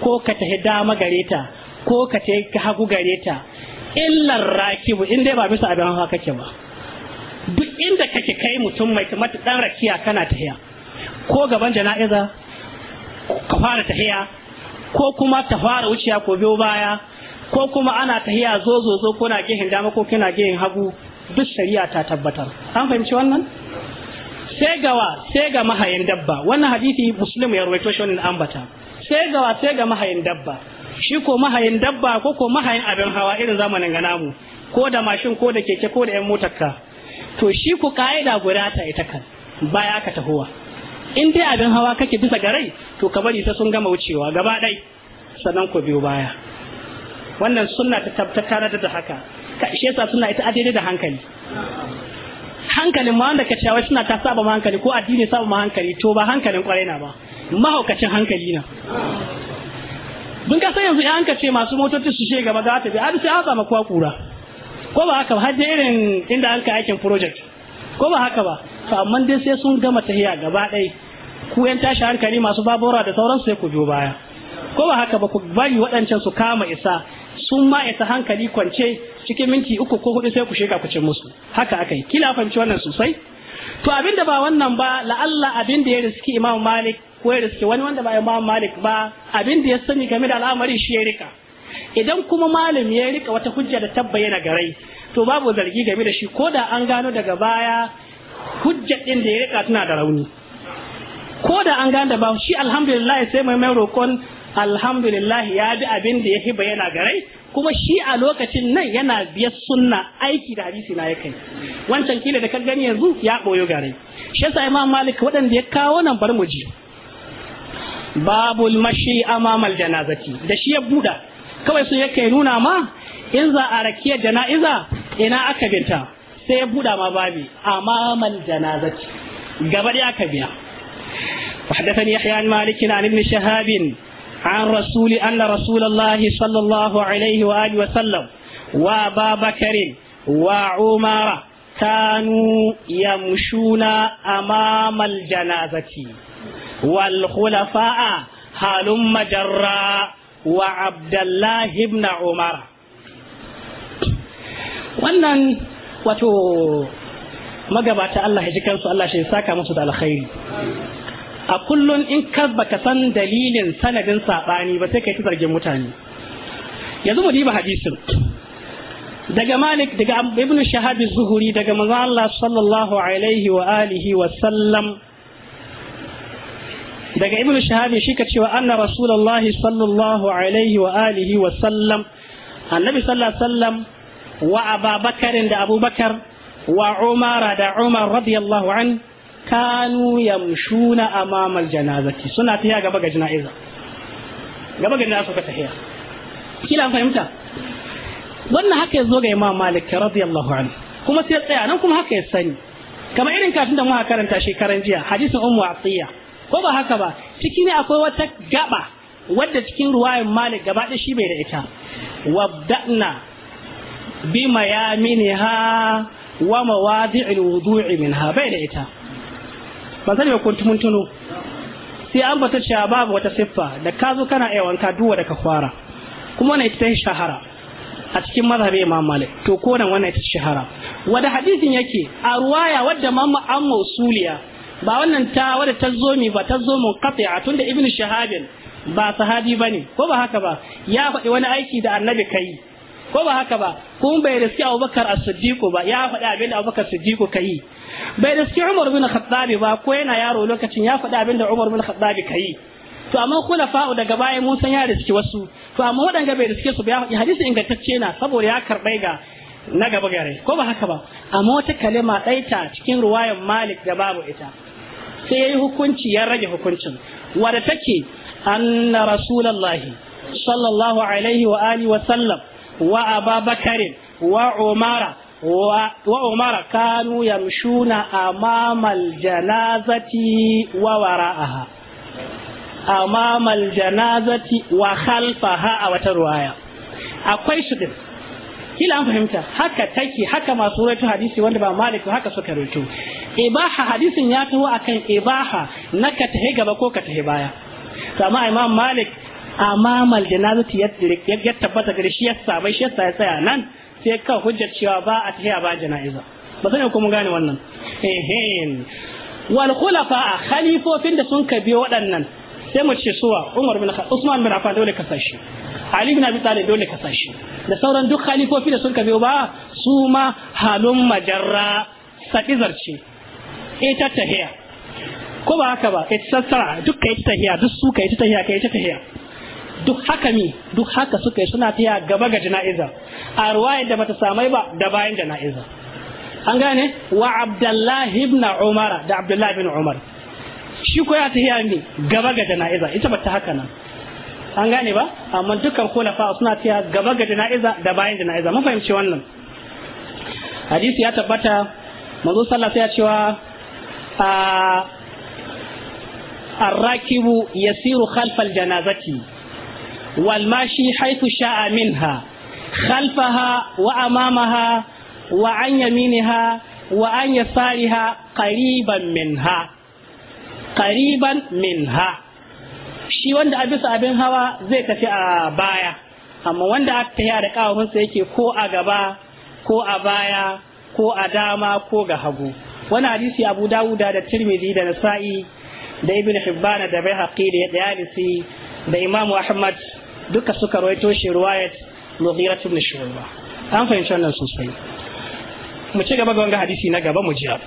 ko ka tahi dama gareta, ko ka tahi hagu gareta. illar rakibu in dai ba bisa abin hawa kake ba duk inda kake kai mutum mai kamar dan rakiya kana tahiya ko gaban jana'iza ka fara tahiya ko kuma ta fara wuciya ko biyo baya ko kuma ana tahiya zo zo zo ko na gehen dama ko kina gehen hagu duk shari'a ta tabbatar an fahimci wannan sai gawa sai ga mahayin dabba wannan hadisi muslim ya rawaito shi wannan ambata sai gawa sai ga mahayin dabba shi ko mahayin dabba ko ko mahayin abin hawa irin zamanin ga namu ko da mashin ko da keke ko da yan motarka, to shi ko ka'ida guda ta ita kan baya ka tahowa in dai abin hawa kake bisa ga rai to ka bari ta sun gama wucewa gaba ɗai sannan ku biyo baya wannan sunna ta tabbatar da haka shi yasa suna ita adaidai da hankali hankalin ma wanda ka cewa suna ta saba hankali ko addini saba ma hankali to ba hankalin kwarai na ba mahaukacin hankali na Sun kasa yanzu an ka ce masu motoci su she gaba za ta bi har sai an samu kwa kura ko ba haka ba har da irin inda an ka aikin project ko ba haka ba to amma dai sai sun gama tahiya gaba ɗaya ku yan tashi hankali masu babura da sauran sai ku biyo baya ko ba haka ba ku bari waɗancan su kama isa sun ma isa hankali kwance cikin minti uku ko hudu sai ku shiga ku cin musu haka akai kila fahimci wannan sosai to abinda ba wannan ba la'alla abinda ya riski imam malik ko ya wani wanda ba imam malik ba abin da ya sani game da al'amari shi ya rika idan kuma malam ya rika wata hujja da tabbayyana garai to babu zargi game da shi ko da an gano daga baya hujja din da ya rika tana da rauni ko da an gano da ba shi alhamdulillah sai mai mai rokon alhamdulillah ya bi abin da ya fi bayyana garai kuma shi a lokacin nan yana biyar sunna aiki da hadisi na yakan wancan kila da ka gani yanzu ya boyo garai shi yasa imam malik waɗanda ya kawo nan bar mu ji babul mashi amamal janazati da shi ya buda kawai sun yake nuna ma in za a rakiyar jana'iza ina aka binta sai ya buda ma babi amamal janazati gaba da aka biya وحدثني يحيى عن مالك عن ابن شهاب عن رسول أن رسول الله صلى الله عليه وآله وسلم وأبا بكر وعمر كانوا يمشون أمام الجنازة wal khulafa'a halum majarra wa abdullahi ibn umar wannan wato magabata Allah ya ji kansu Allah shi saka musu da alkhairi a kullun in ka baka san dalilin sanadin sabani ba sai kai ta zargin mutane yanzu mu diba hadisin daga Malik daga Ibn Shahab az-Zuhri daga manzo Allah sallallahu alaihi wa alihi wa sallam daga ibnu shahabi shi ka cewa anna rasulullahi sallallahu alaihi wa alihi wa sallam annabi sallallahu sallam wa ababakarin da abubakar wa umara da umar radiyallahu an kanu yamshuna amamal janazati suna tafiya gaba ga jana'iza gaba ga jana'iza suka tafiya kila fahimta wannan haka ya zo ga imam malik radiyallahu an kuma sai tsaya nan kuma haka ya sani kamar irin kafin da muka karanta shekaran jiya hadisin ummu atiya ko ba haka ba ciki ne akwai wata gaba wadda cikin ruwayan malik gaba da shi bai da ita wabda'na bi mayaminha wa mawadi'il wudu'i minha bai da ita ban sani ba kun tuntuno sai an bata cewa babu wata siffa da ka zo kana iya wanka duwa da ka fara kuma wannan ita shahara a cikin mazhabi imam malik to ko nan wannan ita shahara wanda hadisin yake a ruwaya wadda mamma an mausuliya ba wannan ta wadda ta zo mi ba ta zo mun tun tunda Ibn shahabin ba sahabi ne ko ba haka ba ya faɗi wani aiki da annabi kai ko ba haka ba kun bai riski abubakar a siddiq ba ya faɗi abin da abubakar ka yi bai riski umar bin khattab ba ko yana yaro lokacin ya faɗi abin da umar bin ka yi to amma fa'u daga baya mun san ya riske wasu to amma waɗanda bai riske su ba hadisi ingantacce na saboda ya karɓai ga na gaba gare ko ba haka ba amma wata kalima ɗaita cikin ruwayan malik da babu ita sai ya yi hukunci ya rage hukuncin wadda take anna rasulullahi sallallahu alaihi wa alihi wa sallam wa ababakarin wa umara wa umara kanu yamshuna amamal janazati wa wara'aha amamal janazati wa khalfaha a wata ruwaya akwai shi din kila an fahimta haka take haka masu rawaito hadisi wanda ba malik haka suka rawaito ibaha hadisin ya taho akan ibaha na ka tahi gaba ko ka tahi baya to amma imam malik amamal janazati ya tabbata gare shi ya sabai shi ya tsaya nan sai ka hujjar cewa ba a tahiya ba jana'iza ba sani ko mun gane wannan wal khulafa khalifofin da sun ka biyo waɗannan sai mu ce suwa Umar bin Khattab Usman bin Affan dole ka sashi Ali bin Abi Talib dole ka sashi da sauran duk khalifofi da sun biyo ba su ma halun majarra sadizar ce ita e, tahiya ko ba haka ba ita e, sassara duk ita ta tahiya duk su ita ta tahiya kai ta tahiya duk haka mi duk haka suka yi suna tahiya gaba ga jana'iza a ruwayar da bata samai ba da bayan jana'iza an gane wa Abdullahi ibn Umar da Abdullahi ibn Umar shi ko ya tahiya mi gaba ga jana'iza ita ba ta haka nan an gane ba amma dukkan khulafa suna tahiya gaba ga jana'iza da bayan jana'iza mun fahimci wannan hadisi ya tabbata manzo sallallahu ya cewa a arrakibu yasiru khalfal janazati wal mashi haythu sha'a minha khalfaha wa amamaha wa an yaminiha wa an yasariha qariban minha qariban minha shi wanda a bisa abin hawa zai tafi a baya amma wanda aka tafiya da kawunsa yake ko a gaba ko a baya ko a dama ko ga hagu wani hadisi abu dawuda da tirmidhi da nasa'i da ibn hibbana da baihaqi da yadisi da imam ahmad duka suka rawaito shi riwayat mughira ibn shu'ba an fahimci wannan sosai mu ci gaba ga hadisi na gaba mu jiya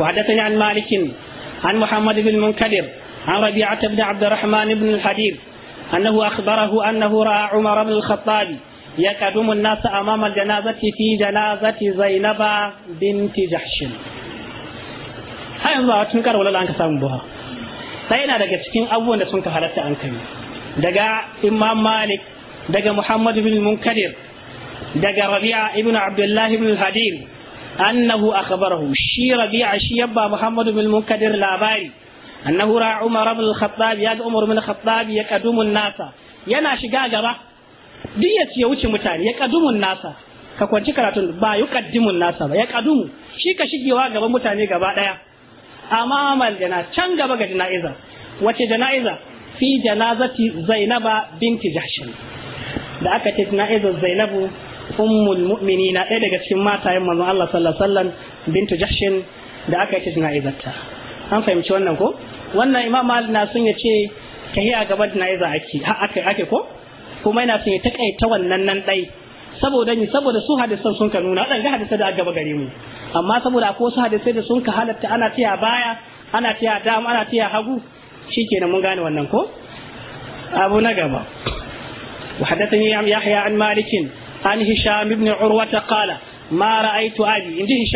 وحدثني عن مالك عن محمد بن المنكدر عن ربيعة بن عبد الرحمن بن الحديث أنه أخبره أنه رأى عمر بن الخطاب يقدم الناس أمام الجنازة في جنازة زينب بنت جحش har yanzu ba tun karo lalla an ka samu buha sai yana daga cikin abubuwan da sun ka halatta an kai daga imam malik daga muhammad bin daga rabi'a ibn abdullah ibn hadir annahu akhbarahu shi rabi'a shi yabba muhammadu bin munkadir labari annahura ra umar ibn al ya ga umar ibn al ya kadumun nasa yana shiga gaba duk ya wuce mutane ya kadumun nasa ka kwanci karatun ba yuqaddimun nasa ba ya kadumu shi ka shigewa gaban mutane gaba ɗaya amamal jana can gaba ga jana'iza wace jana'iza fi janazati zainaba binti jahshin da aka ce jana'izar zainabu ummul mu'minina ɗaya daga cikin matayen manzon Allah sallallahu alaihi wasallam bintu jahshin da aka yi jana'izarta an fahimci wannan ko wannan imam malik na sun yace a gaban da na'iza ake ha aka ake ko kuma yana sun kai takaita wannan nan dai saboda ni saboda su hadisan sun ka nuna dan ga hadisan da gaba gare mu amma saboda ko su hadisan da sun ka halatta ana tiya baya ana tiya dama ana tiya hagu shikenan mun gane wannan ko abu na gaba وحدثني يحيى عن مالك an hisham ibn urwata qala ma ra'aytu abi inji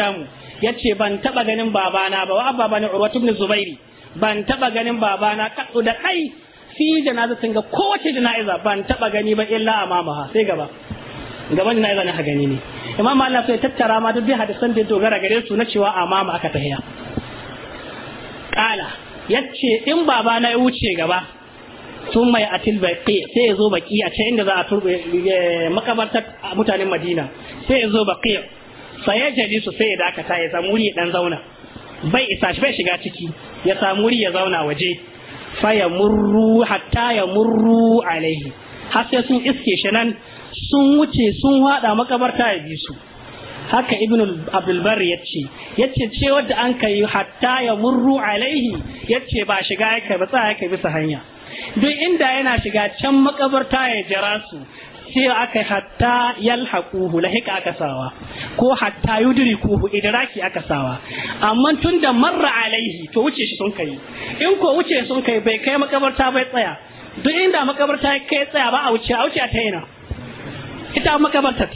Ya ce ban taba ganin babana ba wa babana urwatu ibn zubairi ban taba ganin babana kaddu da kai fi da na zata ga kowace jana'iza ban taba gani ba illa a mamaha, sai gaba gaban jana'iza na gani ne imam Allah sai tattara ma duk hadisan da dogara gare su na cewa a mama aka tahiya qala yace in babana ya wuce gaba sun mai atil baqi sai ya zo baqi a can inda za a turbe eh, makabartar mutanen madina sai ya zo baqi sai ya jadi su sai ya dakata ya samu wuri dan zauna bai isa shi bai shiga ciki ya samu wuri ya zauna waje fa ya murru hatta ya murru alaihi har sai sun iske shi nan sun wuce sun hada makabarta ya bi su haka ibn abdulbar ya yace ya ce ce an kai hatta ya murru alaihi yace ce ba shiga yake ba tsaya yake bisa hanya duk inda yana shiga can makabarta ya jira su sai aka hatta yalhaquhu lahika aka sawa ko hatta yudrikuhu idraki aka sawa amma tunda marra alaihi to wuce shi sun kai in ko wuce sun kai bai kai makabarta bai tsaya duk inda makabarta ya kai tsaya ba a wuce a wuce a ta yana ita makabarta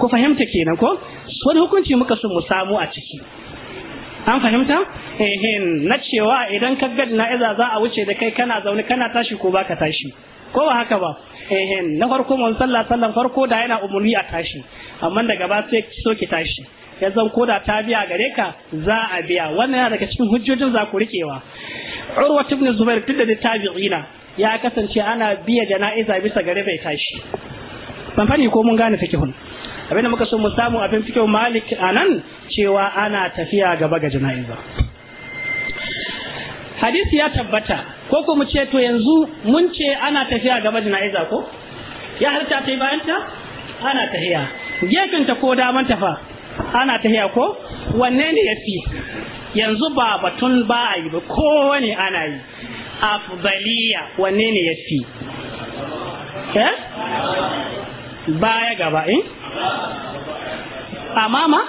ku fahimta kenan ko wani hukunci muka sun mu samu a ciki an fahimta ehin na cewa idan ka ga iza za a wuce da kai kana zaune kana tashi ko baka tashi ko ba haka ba ehin na farko mun sallah sallan farko da yana umurni a tashi amma daga ba sai so ki tashi ya zan koda ta biya gare ka za a biya wannan yana daga cikin hujjojin za ku rikewa urwa ibn zubair duk da tabi'ina ya kasance ana biya jana'iza bisa gare bai tashi ban fani ko mun gane faki-hun. abinda muka so mu samu abin fikin malik a nan cewa ana tafiya gaba ga jana'iza hadisi ya tabbata ko ko mu ce to yanzu mun ce ana tafiya gaba jana'iza ko ya halitta ta yi bayan ta ana tafiya gefen ta ko daman ta fa ana tafiya ko wanne ne yafi yanzu ba batun ba a yi ba kowane ana yi afdaliya wanne ne yafi eh baya gaba eh amama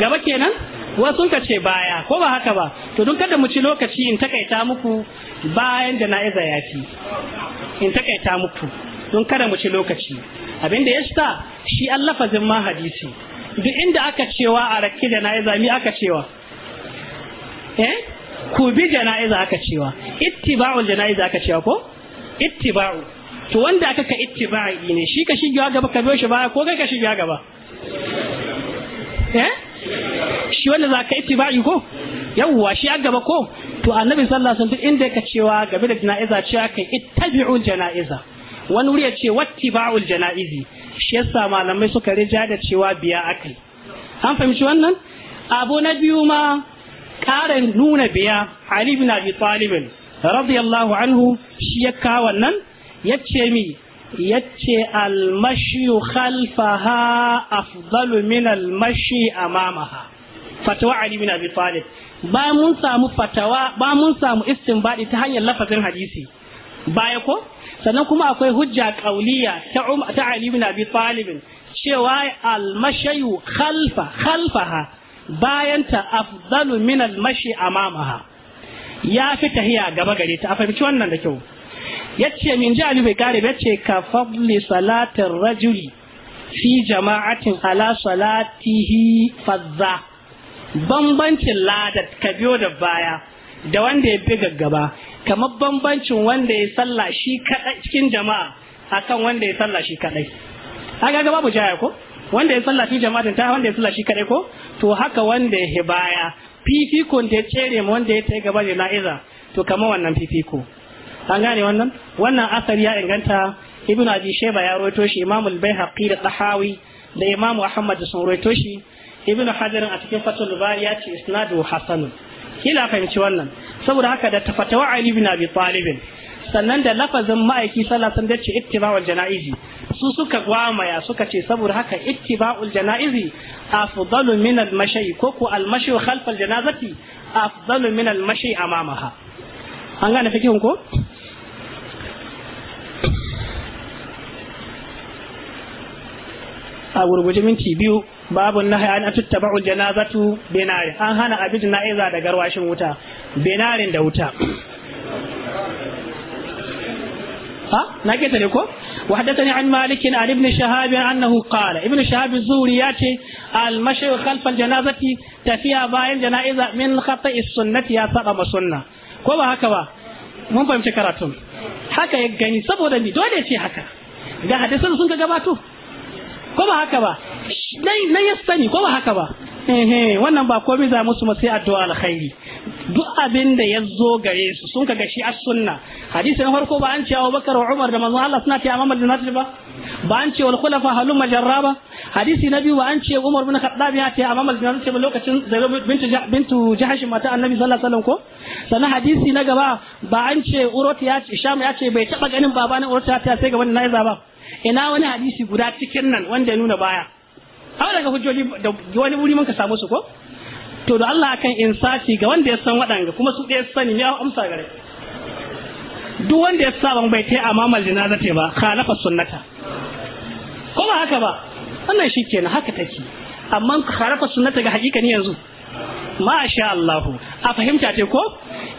gaba kenan wasu ka ce baya ko ba haka ba to don kada mu ci lokaci in takaita muku bayan da na'iza ya ci in takaita muku don kada mu ci lokaci abinda ya sa shi an lafazin ma hadisi duk inda aka cewa a rakki da na'iza mi aka cewa eh ku bi jana'iza aka cewa ittiba'ul jana'iza aka cewa ko ittiba'u to wanda aka ka ittiba'i ne shi ka shigewa gaba ka biyo shi baya ko kai ka shigewa gaba eh shi wanda za ka ittiba'i ko yawwa shi a gaba ko to annabi sallallahu alaihi wasallam inda ka cewa game da jana'iza cewa kai ittabi'ul jana'iza wani wuri ya ce wattiba'ul jana'izi shi yasa malamai suka rija da cewa biya akai an fahimci wannan abu na biyu ma ƙarin nuna biya ali bin abi talib radiyallahu anhu shi ya kawo wannan yace mi ya yace almashiyu khalfaha afdalu min almashi amamaha fatawa ali bin abi talib ba mun samu fatawa ba mun samu istinbadi ta hanyar lafazin hadisi baya ko sannan kuma akwai hujja kauliya ta um ta ali bin abi talib cewa almashayu khalfa khalfaha bayanta afdalu min almashi amamaha ya fi tahiya gaba gare ta a fahimci wannan da kyau yace min ji ali bai kare ba ce ka fadli salatin rajuli fi jama'atin ala salatihi fazza bambancin lada ka biyo da baya da wanda ya bi gaggaba kamar bambancin wanda ya salla shi kadai cikin jama'a akan wanda ya salla shi kadai haka ga bu jaya ko wanda ya salla fi jama'atin ta wanda ya salla shi kadai ko to haka wanda ya baya fifikon da ya tsere ma wanda ya ta gaba da la'iza to kamar wannan fifiko an gane wannan wannan asari ya inganta ibn abi shayba ya rawaito shi imam al-baihaqi da tahawi da imam ahmad sun rawaito shi ibn hajar a cikin fatul bari ya ce isnadu hasan kila fahimci wannan saboda haka da tafatawa ali ibn abi talib sannan da lafazin ma'aiki sallallahu alaihi wasallam ce ittiba'ul janaizi su suka gwamaya suka ce saboda haka ittiba'ul janaizi afdalu min al-mashi ko ko al-mashi khalf al-janazati afdalu min al-mashi amamaha an gane fikihun ko a gurguje minti biyu babu na an tuttaba'u janazatu binari an hana abin jana'iza da garwashin wuta binarin da wuta ها نجت لكم وحدثني عن مالك عن ابن شهاب أنه قال ابن شهاب الزهري ياتي المشي خلف الجنازة تفيها باين جنائزة من خطأ السنة يا سلام السنة كما هكذا mun fahimci karatun haka ya gani saboda mi dole ce haka ga hadisan sun ka gabato ko ba haka ba na ya sani ko ba haka ba wannan ba komai za musu masu addu'a alkhairi duk abin da ya zo gare su sun kaga shi as sunna hadisi na farko ba an ce Abubakar, wa Umar da manzon Allah suna ta amama da nasu ba ba an ce wal khulafa halum majarra ba hadisi na biyu ba an ce Umar bin Khattab ya ta amama da nasu ba lokacin Zainab bintu bintu Jahash mata Annabi sallallahu alaihi wasallam ko sannan hadisi na gaba ba an ce Urot ya ce Sham ya ce bai taba ganin babana Urot ya ta sai ga wannan na'iza ba ina wani hadisi guda cikin nan wanda ya nuna baya hawa daga hujjoji da wani wuri mun ka samu su ko to da Allah kan insafi ga wanda ya san waɗanga kuma su ɗaya sani ya amsa gare duk wanda ya saban bai ta amamal jinaza ta ba khalafa sunnata ko ba haka ba wannan shikenan haka take amma khalafa sunnata ga hakikani yanzu ma sha Allah a fahimta ce ko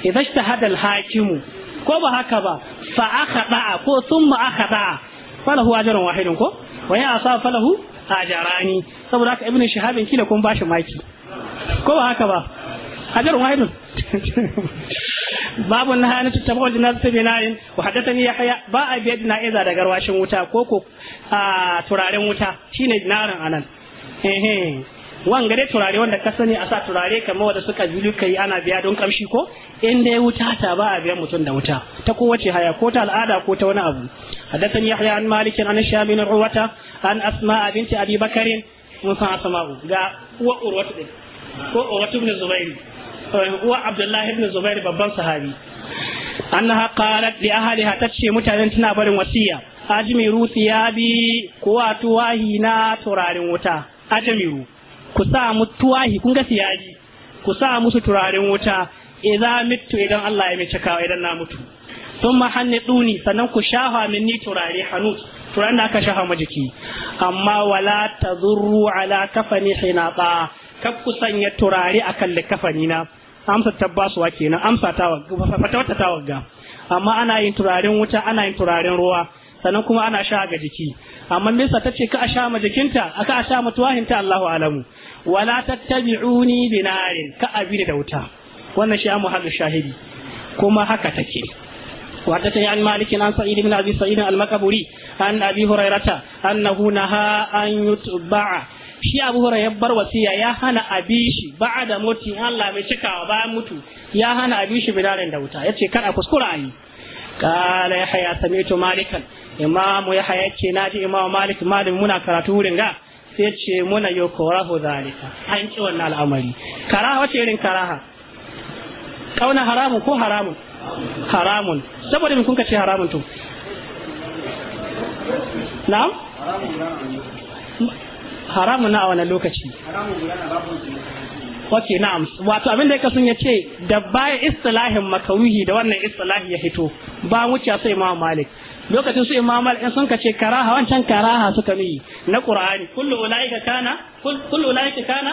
idza ijtahada al hakimu ko ba haka ba fa akhada ko thumma akhada falahu ajrun wahidun ko wa ya asa falahu ajarani saboda haka ibnu shahabin kila kun bashi maki ko ba haka ba ajrun wahidun <laughs> babu na hana tattaba wajen nasu tabi nayin wa haddatani ya haya ba a biyar na iza da garwashin wuta ko ko a turaren wuta shine dinarin anan wanga dai turare wanda ka sani a sa turare kamar wanda suka bilu yi ana biya don kamshi ko in dai wuta ta ba a biyan mutum da wuta ta kowace haya ko ta al'ada ko ta wani abu حدثني yahya an malikin an shamin بن An asma أسماء abi bakarin mun san asma'u ga uwa urwatu din ko urwatu ibn zubair eh, uwa abdullah ibn zubair babban sahabi annaha qalat li ahliha tace mutanen tana barin wasiya ajmiru thiyabi ko atuwahi na turarin wuta ajmiru ku sa mu tuwahi kun ga siyaji ku sa musu turaren wuta idza mittu idan Allah ya mace kawa idan na mutu thumma hanniduni sannan ku shafa minni turare hanut turan da aka shafa ma jiki amma wala tazurru ala kafani hinata kab ku sanya turare akan likafani na amsa tabbasuwa kenan amsa ta wagga amma ana yin turaren wuta ana yin turaren ruwa sannan kuma ana sha ga jiki amma me ta ce ka a sha ma jikinta aka a sha ma tuwahinta Allahu alamu wala tattabi'uni binarin ka abi da wuta wannan shi amu hadu shahidi kuma haka take wata ta yan maliki nan sa'id ibn abi sa'id al-makaburi an abi hurairata annahu naha an yutba'a shi abu hurairata bar wasiya ya hana abishi ba'da moti Allah mai cikawa bayan mutu ya hana abishi binarin da wuta yace kada a kuskura ayi قال يحيى سميت مالكا إمام يحيى naji ناجي إمام مالك muna karatu كراتورين sai ce muna yau korahu zalika an ciwon na al'amari karaha wace irin karaha kauna haramun ko haramun haramun saboda mai kunka ce haramun to na haramun na a wani lokaci ok na'am wato abin da ya kasu ya ce da baya istilahin makaruhi da wannan istilahi ya hito ba wuce sai ma malik lokacin su imamal in sun kace karaha wancan karaha suka nuyi na qur'ani kullu ulaika kana kullu ulaika kana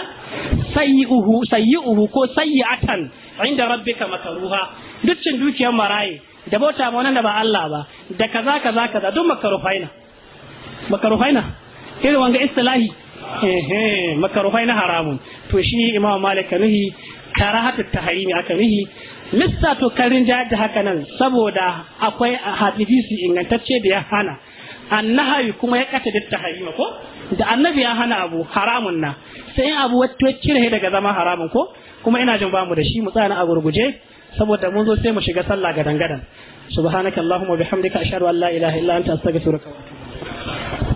sayyi'uhu sayyi'uhu ko sayyi'atan inda rabbika makaruha dukkan dukiyar maraye da bauta ma wannan da ba Allah ba da kaza kaza kaza duk makarufaina makarufaina irin wanga istilahi eh eh makarufaina haramun to shi imam malik kanuhi karahatu tahrimi aka nuhi lissa to karin jihadi da haka nan saboda akwai hadisi ingantacce da ya hana annahayi kuma ya kata da taharima ko da annabi ya hana abu haramun na sai in abu wato ya cire daga zama haramun ko kuma ina jin bamu da shi mu tsaya a gurguje saboda mun zo sai mu shiga sallah gadan gadan subhanakallahumma bihamdika ashhadu an la ilaha illa anta astaghfiruka wa atubu